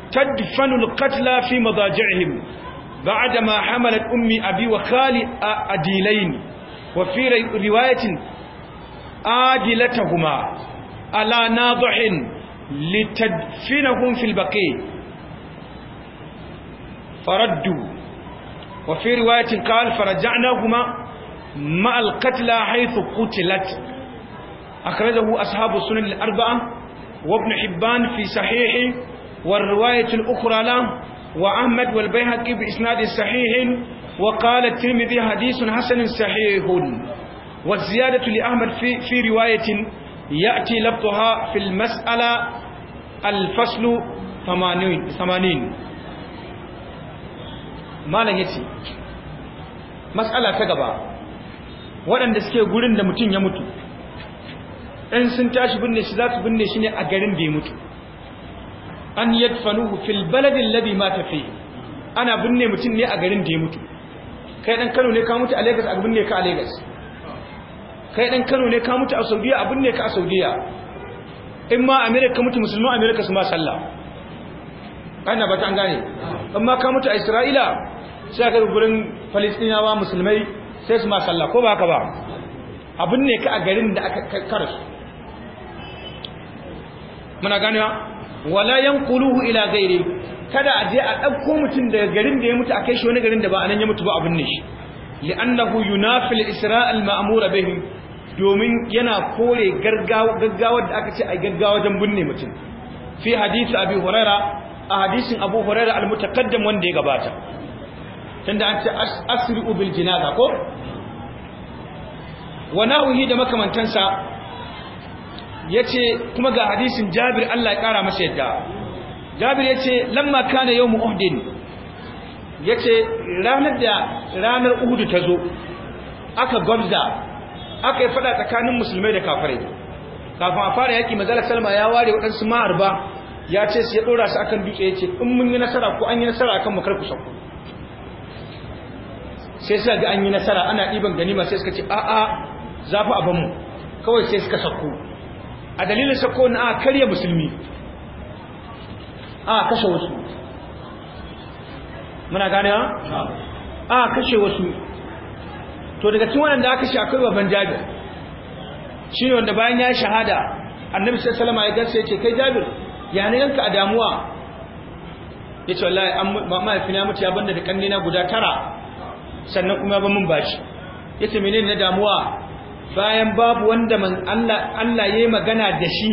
تدفن القتلى في مضاجعهم بعدما حملت أمي أبي وخالي أديلين وفي رواية آدلتهما على ناضح لتدفنهم في البقيع فردوا وفي رواية قال فرجعناهما مع القتلى حيث قتلت أخرجه أصحاب السنن الأربعة وابن حبان في صحيحه والرواية الأخرى له وأحمد والبيهقي بإسناد صحيح وقال الترمذي حديث حسن صحيح والزيادة لأحمد في, في رواية يأتي لبطها في المسألة الفصل ثمانين ما لن يتي مسألة تقبع waɗanda suke gurin da mutum ya mutu in sun tashi binne shi za su binne shi ne a garin da ya mutu an yadfanuhu fil baladin ladhi ma tafi ana binne mutum ne a garin da ya mutu kai dan Kano ne ka mutu a Lagos a binne ka a Lagos kai dan Kano ne ka mutu a Saudiya a binne ka a Saudiya in ma America ka mutu musulman America su ma sallah ana ba ta an gane amma ka mutu a Isra'ila sai ka gurin Palestinawa musulmai sai su ma sallah ko ba ka ba abin ne ka a garin da aka karasu muna ganewa wala kuluhu ila ghairi kada a je a ɗauko mutum daga garin da ya mutu a kai shi wani garin da ba a nan ya mutu ba abin ne shi li'annahu yunafi na fili Isra'il bihi domin yana kore gaggawar da aka ce a gaggawa wajen binne mutum fi hadisi abi huraira a hadisin abu horaira al-mutaqaddam wanda ya gabata tunda an ce asri'u bil jinaza ko wa nawihi da makamantansa yace kuma ga hadisin Jabir Allah ya kara masa yadda Jabir yace lamma kana yawmu Ya yace ranar da ranar Uhud ta zo aka gwabza aka yi fada tsakanin musulmai da kafirai kafin a fara yaki manzala Salma ya ware waɗansu ma'arba ya ce su ya dora su akan dutse yace in mun yi nasara ko an yi nasara akan mu kar ku sai suka ga an yi nasara ana ɗiban ganima sai suka ce a'a zafi a abanmu kawai sai suka sakko a dalilin sakko na a karya musulmi a kashe wasu muna gane ha? a kashe wasu to daga cikin wanda aka kashe akwai babban jabi shi ne wanda bayan ya shahada annabi salama ya gasa ya ce kai jabi ya ne yanka a damuwa ya ce wallahi mahaifina mutu ya banda da na guda tara sannan kuma ba mun bashi yace menene na damuwa bayan babu wanda man Allah Allah yayi magana da shi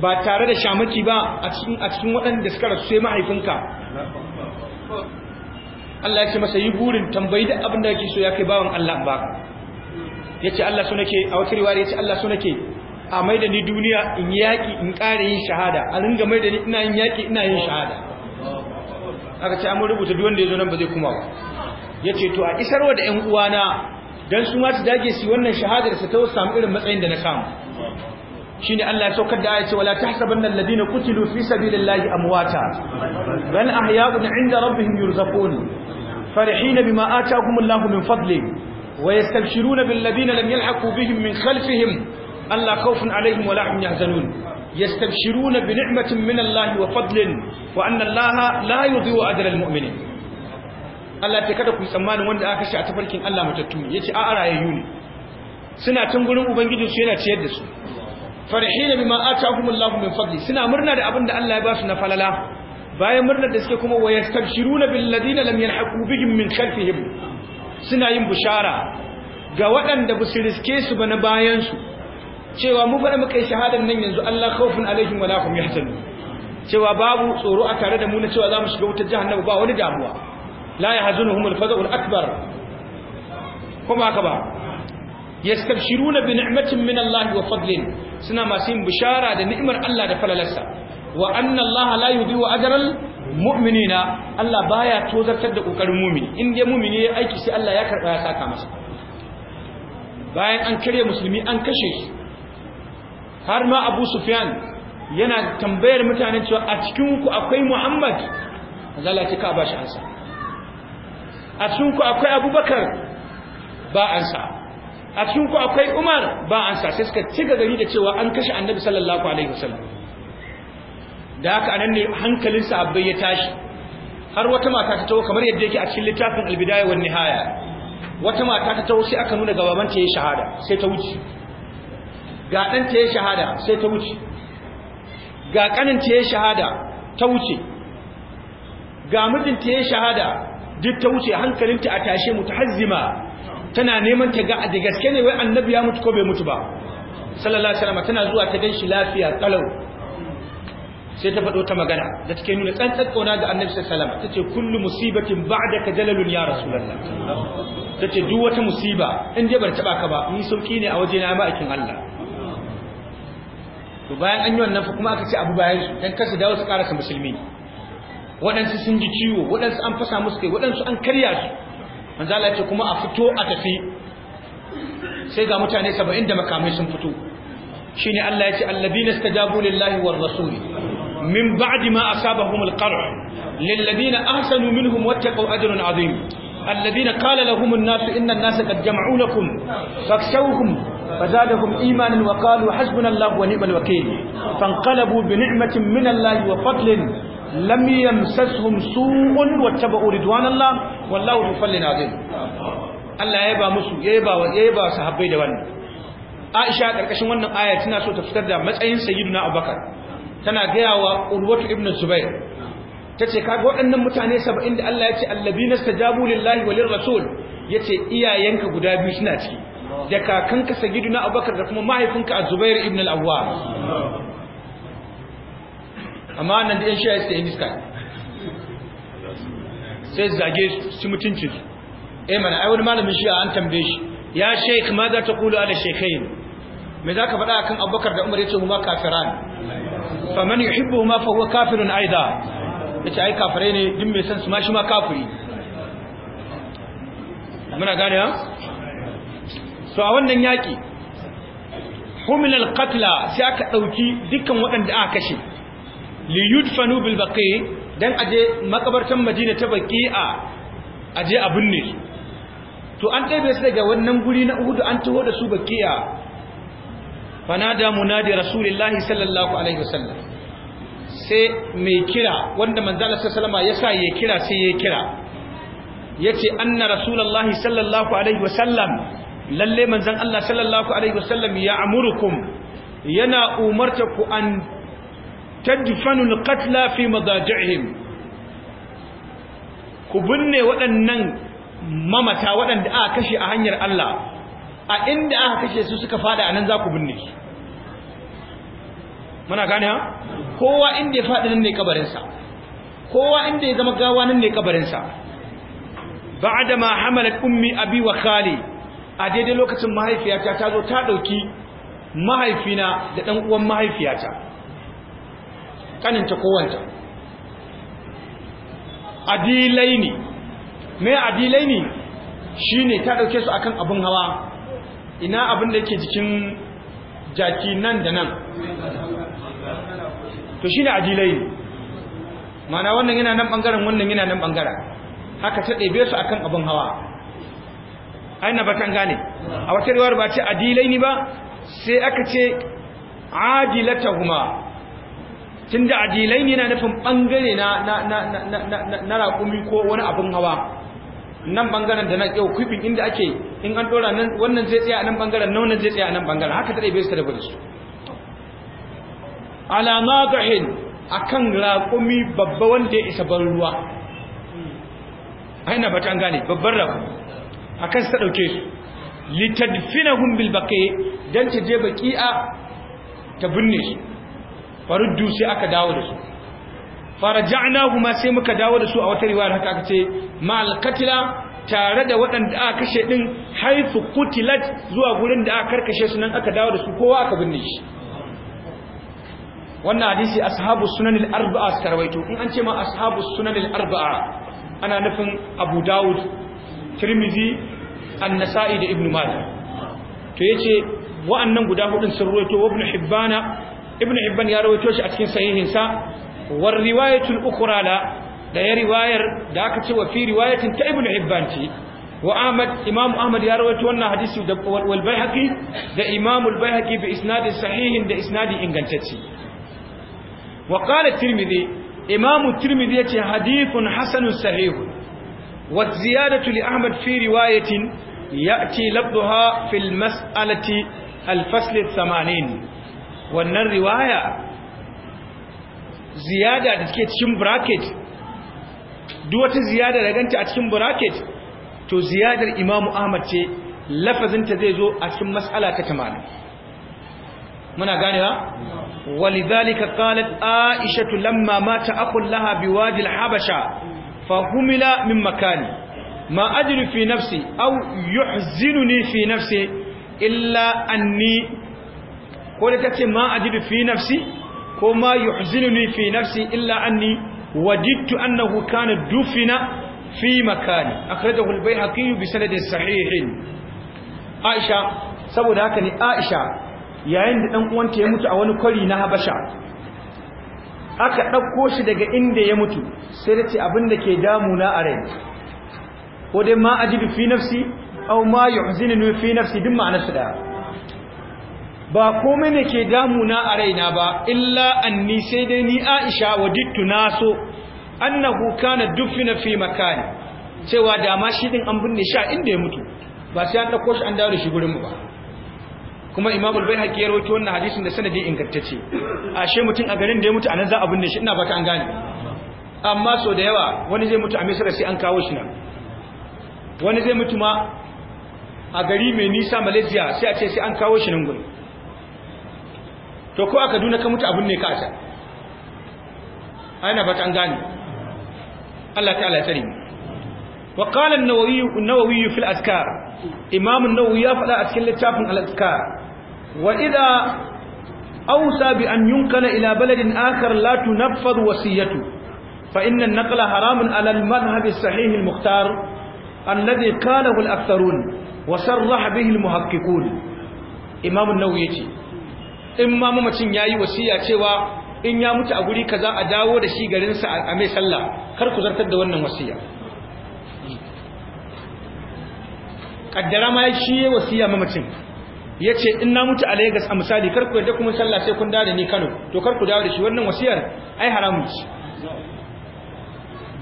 ba tare da shamaki ba a cikin a cikin waɗanda suka rasu sai mahaifinka Allah ya ce masa yi burin tambayi da abin da kake so ya kai bawan Allah ba yace Allah so nake a wata riwaya yace Allah so nake a mai da ni duniya in yaki in kare yin shahada a ringa mai da ni ina yin yaki ina yin shahada aka ce an rubuta duk wanda zo nan ba zai kuma ba ya ce to a isarwa da ‘yan uwana don su masu dage su wannan shahadar su ta samu irin matsayin da na samu shi Allah ya saukar da ayyace wala ta hasabar nan ladina kutilu fi sabi da lahi amuwata ban a haya inda rabbihim yi rizafon farihi na bi ma'ata kuma lahu min fadli wa ya stalshiru na bin ladina lam yi alhaku bihim min khalfihim Allah kaufin alaihim wala in ya zanun ya stalshiru na bi ni'matin min allahi wa fadlin wa annan laha la yi zuwa adalar Allah ta kada ku yi tsammanin wanda aka kashe a tafarkin Allah matattu ne yace a'a rayayyu yuni. suna tun gurin ubangiji su yana ciyar da su farihina bima atahumullahu min fadli suna murna da abin da Allah ya ba su na falala bayan murnar da suke kuma wayastabshiruna bil ladina lam yalhaqu bihim min khalfihim suna yin bushara ga waɗanda ba su riske su ba na bayan su cewa mu fara muka yi shahadar nan yanzu Allah khawfun alaihim wala hum yahzanun cewa babu tsoro a tare da mu na cewa za mu shiga wutar jahannama ba wani damuwa la yahzunuhum al-faza'u al-akbar kuma ka ba yastabshiruna bi ni'matin min Allah wa fadlin suna masu yin bishara da ni'imar Allah da falalarsa wa anna Allah la yudhi'u ajral mu'minina Allah baya tozartar da kokarin mu'mini in dai mu'mini ya aiki sai Allah ya karba ya saka masa bayan an kare musulmi an kashe shi har ma Abu Sufyan yana tambayar mutanen cewa a cikin ku akwai Muhammad zalla kika ba shi ansa a cikin ku akwai abubakar ba an sa. a cikin ku akwai umar ba an sa. sai suka ci gari da cewa an kashe annabi sallallahu alaihi wasallam da haka anan ne hankalin sahabbai ya tashi har wata mata ta tawo kamar yadda yake a cikin littafin albidaya wan nihaya wata mata ta tawo sai aka nuna ta yi shahada sai ta wuce ga ta yi shahada sai ta wuce ga ta yi shahada ta wuce ga ta yi shahada duk ta wuce hankalinta a tashe mutahazzima tana neman ta ga da gaske ne wai annabi ya mutu ko bai mutu ba sallallahu alaihi wasallam tana zuwa ta ganshi lafiya kalau sai ta fado ta magana da take nuna tsantsan kauna ga annabi sallallahu alaihi wasallam tace kullu musibatin ka jalalun ya rasulullah tace duk wata musiba in dai bar taba ka ba ni sauki ne a waje na ma'aikin Allah to bayan an yi wannan kuma aka ce abu bayan dan kasu dawo su karasa musulmi waɗansu sun ji ciwo waɗansu an fasa musu kai waɗansu an karya su manzala kuma a fito a tafi sai ga mutane saba'in da makamai sun fito Shin ne Allah ya ce allabi na suka jabo lillahi wa rasuli min ba'adi ma asaba humul qar' lillabi na ahsanu minhum wata kau ajinun azim allabi na kala lahumun nasu innan nasu kan jama'u lakum fakshawuhum fazadahum imanin wa qalu hasbunallahu wa ni'mal wakil fanqalabu bi ni'matin min allahi wa fadlin lam yamsashum su'un wattaba'u ridwanallah wallahu dhu azim Allah ya yaba musu ya yaba ya yaba sahabbai da wannan Aisha karkashin wannan aya tana so ta fitar da matsayin sayyiduna Abubakar tana gaya wa Urwatu ibn Zubair tace kaga waɗannan mutane 70 da Allah ya ce allabina stajabu lillahi walir rasul yace iyayenka guda biyu suna ciki da kakanka sayyiduna Abubakar da kuma mahaifinka Zubair ibn al-Awwam amma nan da yan shi suka yi miska sai zage su mutuncin su eh mana ai wani malamin shi an tambaye shi ya sheikh ma za ta kula da sheikhain me za ka faɗa akan abubakar da umar ya ce kuma kafiran fa man yuhibbu ma fa huwa kafirun aida yace ai kafirai ne duk mai san su ma shi ma kafiri muna gane ha so a wannan yaki humilal qatla sai aka dauki dukkan waɗanda aka kashe li yudfanu bil baqi dan aje makabartan madina ta a aje a binne to an ɗebe su daga wannan guri na uhudu an taho da su baqi'a fanada munadi rasulillahi sallallahu alaihi wasallam sai mai kira wanda manzala sallama ya sa ya kira sai ya kira yace anna rasulullahi sallallahu alaihi wasallam lalle manzan Allah sallallahu alaihi wasallam ya amurukum yana umarta ku an تدفن القتلى في مضاجعهم ku binne waɗannan mamata waɗanda aka kashe a hanyar Allah a inda aka kashe su suka fada anan za ku binne muna gane ha kowa inda ya fada nan ne sa, kowa inda ya zama gawa nan ne sa, ba'da ma hamalat ummi abi wa khali a daidai lokacin mahaifiyata ta zo ta dauki mahaifina da dan uwan mahaifiyata kaninta kowanta adilai ne Adilaini adilai ne shi ne ta ɗauke su akan abin hawa ina abin da yake jikin jaki nan da nan to shi ne adilai ne mana wannan yana nan ɓangaren wannan yana nan ɓangaren haka ta ɗebe su akan abin hawa aina ba kan gane a wata riwar ba ce adilai ne ba sai aka ce adilatahuma tun da adilai ne na nufin ɓangare na raƙumi ko wani abin hawa nan ɓangaren da na yau kwifin inda ake in an ɗora wannan zai tsaya a nan ɓangaren na wannan zai tsaya a nan ɓangaren haka ta ɗaibe su da bari su alama hin a kan raƙumi babba wanda ya isa ban ruwa aina ba an gane babban raƙumi a kan su ta ɗauke su litadfinahun bil don ta je a ta binne su faruddu sai aka dawo da su faraja'nahuma sai muka dawo da su a wata riwayar haka aka ce mal katila tare da waɗanda aka kashe din haifu kutilat zuwa gurin da aka karkashe su nan aka dawo da su kowa aka binne shi wannan hadisi ashabu sunan al-arba'a Sarwaito, in an ce ma ashabu sunan al-arba'a ana nufin Abu Dawud Tirmidhi An-Nasa'i da Ibn Majah to yace wa'annan guda hudun sun rawaito Ibn Hibbana ibnu ibban ya rawaito shi a cikin sahihinsa war riwayatul ukhra la da ya riwayar da aka ce wa fi riwayatin ta ibnu hibban wa ahmad imam ahmad ya rawaito wannan hadisi da wal baihaqi da imam al baihaqi bi isnadin sahihin da isnadi ingantacce wa qala tirmidhi imam tirmidhi yace hadithun hasanun sahihun wa ziyadatu li ahmad fi riwayatin ya'ti labduha fil mas'alati al fasl 80 wannan riwaya ziyada da take cikin bracket duk wata ziyada da ganta a cikin bracket to ziyadar imamu ahmad ce lafazinta zai zo a cikin matsala ta 80 muna ganewa walidhalika qalat aisha lamma mata akul laha biwadi habasha fa min makani ma ajru fi nafsi aw yuhzinuni fi nafsi illa anni ko da kace ma ajidu fi nafsi ko ma yuhzinuni fi nafsi illa anni wajidtu annahu kana dufina fi makani akhrajahu al-baihaqi bi sanadin sahihin aisha saboda haka ne aisha yayin da dan uwanta ya mutu a wani kwari na habasha aka ɗauko shi daga inda ya mutu sai da ce abinda ke damu na a rai ko dai ma ajidu fi nafsi aw ma yuhzinuni fi nafsi din ma'anar daya ba komai ne ke damuna a raina ba illa anni sai dai ni Aisha wadittu naso annahu kana dufina fi makani cewa da ma shi din an binne shi a inda ya mutu ba sai an dauko shi an dawo da shi gurin mu ba kuma Imam al-Baihaqi ya rawaito wannan hadisin da sanadi ingantacce ashe mutum a garin da ya mutu anan za a binne shi ina baka an gane amma so da yawa wani zai mutu a Misra sai an kawo shi nan wani zai mutu ma a gari mai nisa Malaysia sai a ce sai an kawo shi nan gurin to ko a kaduna ka mutu abin ne ka ta ana fata an gane Allah ta'ala ya wa qala nawawi fil azkar imam nawawi ya fada a cikin littafin al wa idha awsa bi an yunqala ila baladin akar latu tunaffadhu wasiyatu fa inna naƙala haramun alal manhabi sahihin muktar, sahih al-mukhtar alladhi qalahu al-aktharun wa sarraha bihi al-muhaqqiqun imam an-nawawi yace in ma mamacin ya yi wasiya cewa in ya mutu a guri za a dawo da shi garin sa a mai sallah kar ku zartar da wannan wasiya kaddara ma shi ya wasiya mamacin ya ce in na mutu a Lagos a misali kar ku yadda kuma sallah sai kun dawo da ni Kano to kar ku dawo da shi wannan wasiyar ai haramun ce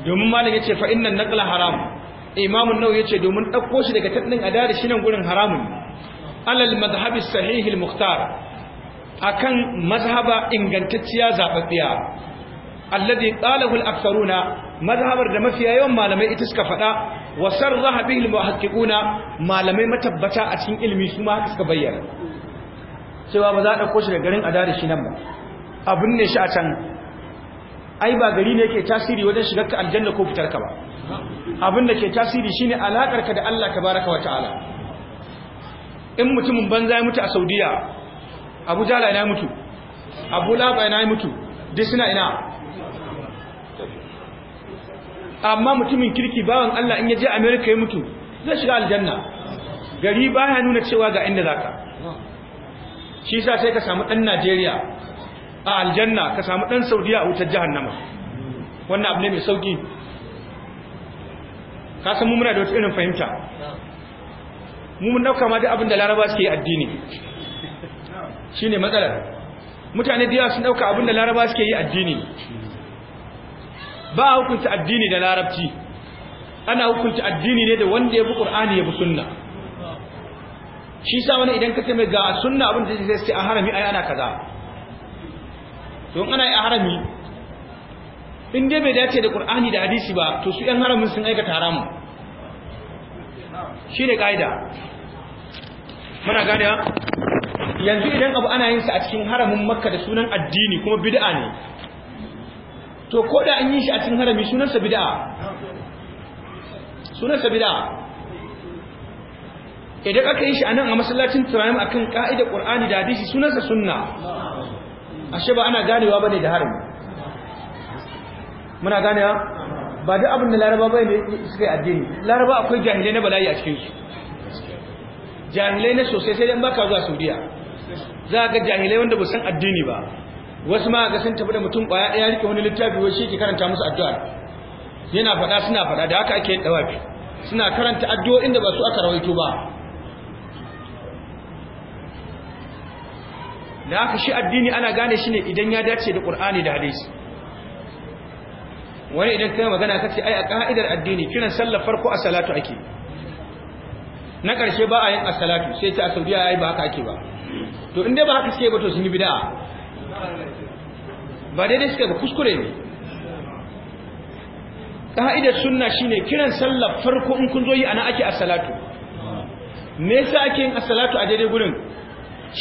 domin malam ya ce nan na naqla haramun imamun nau ya ce domin ɗauko shi daga tattalin a dawo da shi nan gurin haramun alal madhhabi sahih al mukhtar akan mazhaba ingantacciya zababbiya alladhi qalahu al-aktharuna mazhabar da mafiya yawan malamai ita suka faɗa wa sarraha bihi al-muhaqqiquna malamai matabbata a cikin ilimi su ma suka bayyana cewa ba za a dauko shi da garin adare shi nan ba abun ne shi a can ai ba gari ne yake tasiri wajen shigar ka aljanna ko fitar ka ba abin da ke tasiri shine alakar ka da Allah tabaaraka wa ta'ala in mutumin banza ya mutu a Saudiya abu jala ina mutu abu laba ina mutu duk suna ina amma mutumin kirki bawan Allah in ya je America ya mutu zai shiga aljanna gari baya nuna cewa ga inda zaka shi yasa sai ka samu dan Najeriya a aljanna ka samu dan Saudiya a wutar jahannama wannan abu ne mai sauki ka san mu muna da wata irin fahimta mu mun dauka ma duk abin da Laraba suke yi addini ne matsalar mutane da yawa sun dauka da laraba suke yi addini ba hukunta addini da larabci ana hukunta addini ne da wanda ya fi ƙur'ani ya fi sunna shi sa wani idan ka mai ga sunna abin da zai a harami ai ana kaza don ana yi a harami in dai bai dace da ƙur'ani da hadisi ba to su yan haramin sun aikata Shi ne kaida muna gane yanzu idan abu ana yin sa a cikin haramin makka da sunan addini kuma bid'a ne to ko da an yi shi a cikin harami sa bid'a sa bid'a idan aka yi shi anan a masallacin Ibrahim akan ka'idar Qur'ani da hadisi sa sunna ashe ba ana ganewa bane da harami muna ganewa ba da abin da Laraba bai ne suka yi addini Laraba akwai jahilai na bala'i a cikin su jahilai na sosai sai dan baka zuwa Saudiya za ga jahilai wanda ba san addini ba wasu ma ga sun tafi da mutum kwaya ɗaya rike wani littafi wai shi ke karanta musu addu'a yana faɗa suna faɗa da haka ake yin dawafi suna karanta addu'o'in da ba su aka rawaito ba da haka shi addini ana gane shi ne idan ya dace da Qur'ani da hadisi wani idan kai magana kace ai a ka'idar addini kiran sallar farko a salatu ake na ƙarshe ba a yin asalatu salatu sai ta a Saudiya yi ba haka ake ba to in ba haka suke ba to sun yi bid'a ba daidai suke ba kuskure ne ka'idar sunna shine kiran sallar farko in kun zo yi ana ake as-salatu me yasa ake yin as-salatu a daidai gurin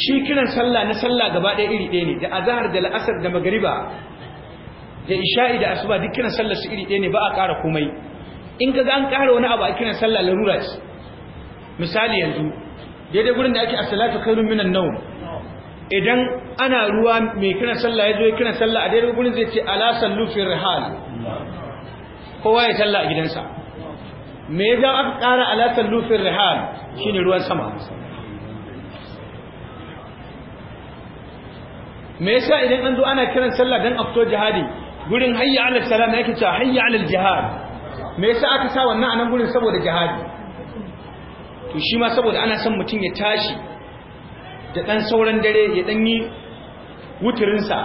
shi kiran sallah na sallah gaba ɗaya iri ɗaya ne da azhar da la'asar da magariba da isha'i da asuba duk kiran sallar su iri ɗaya ne ba a ƙara komai in ga an ƙara wani abu a kiran sallah larura misali yanzu daidai gurin da ake as-salatu minan nau, idan ana ruwa mai kiran sallah yazo ya kiran sallah a daidai gurin zai ce ala sallu fi rihal kowa ya sallah a gidansa me ya aka ƙara ala sallu fi rihal shine ruwan sama me yasa idan an zo ana kiran sallah dan afto jihadi gurin hayya ala salam yake cewa hayya ala jihad me yasa aka sa wannan anan gurin saboda jihadi to shi ma saboda ana son mutum ya tashi da ɗan sauran dare ya ɗan yi wuturinsa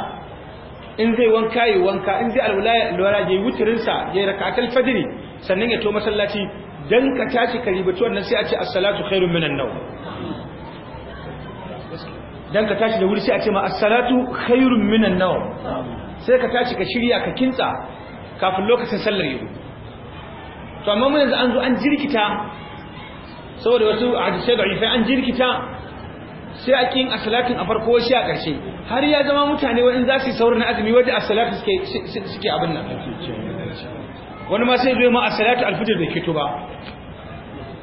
in zai wanka ya wanka in zai alwala ya yi wuturinsa ya yi rakatar fadiri sannan ya to masallaci don ka tashi ka ribatu wannan sai a ce assalatu khairun minan nau don ka tashi da wuri sai a ce ma assalatu khairun minan nau sai ka tashi ka shirya ka kintsa kafin lokacin sallar yi to amma mun yanzu an zo an jirkita saboda wasu hadisai da ifai an jirkita sai a kin asalatin a farko shi a ƙarshe har ya zama mutane wani za su saurin azumi wajen asalatu suke abin nan wani ma sai zai ma asalatu alfitar da ke ba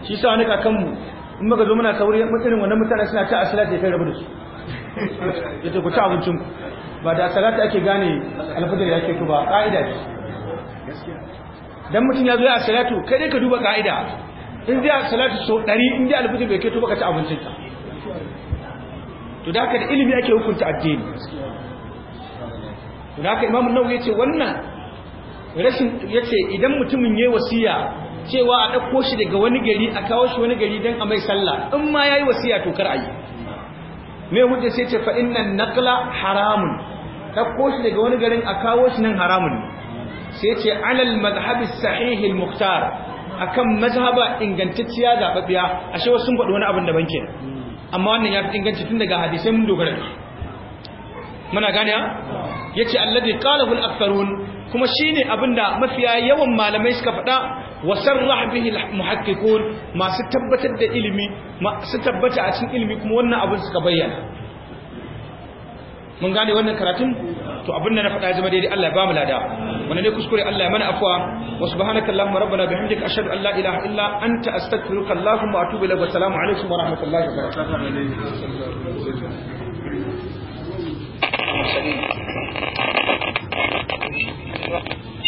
shi sa wani kakanmu in muka zo muna sauri mutane wannan mutane suna ta asalatu ya kai rabu da su ya ta ku ci abincin ba da asalatu ake gane alfitar da ke to ba ƙa'ida ce dan mutum ya zo ya asalatu kai dai ka duba ƙa'ida in zai salatu so ɗari, in zai alfijir bai keto baka ci abincin ka to da haka da ilimi ake hukunta addini to da haka imamu ya ce wannan rashin ya ce idan mutumin ya yi wasiya cewa a dauko shi daga wani gari a kawo shi wani gari don a mai sallah in ma ya yi wasiya to kar ayi mai hujja sai ce fa'in nan nakla haramun dauko shi daga wani garin a kawo shi nan haramun sai ce alal madhhabi sahih al muhtar akan mazhaba ingantacciya zababbiya ashe wasu sun faɗi wani abin da banke amma wannan ya fi inganci tun daga hadisai mun dogara da muna gane ya yace alladhi qalahu al-aktharun kuma shine abinda mafiya yawan malamai suka faɗa wa sarrah bihi al-muhaqqiqun masu tabbatar da ilimi su tabbata a cikin ilimi kuma wannan abin suka bayyana mun gane wannan karatun to abinda na faɗa zama daidai Allah ya ba lada wanda ne kuskure Allah ya mana afwa wa subhanaka allahumma rabbana bihamdika ashhadu an la ilaha illa anta astaghfiruka allahumma wa atubu ilaik wa assalamu alaikum wa rahmatullahi wa barakatuh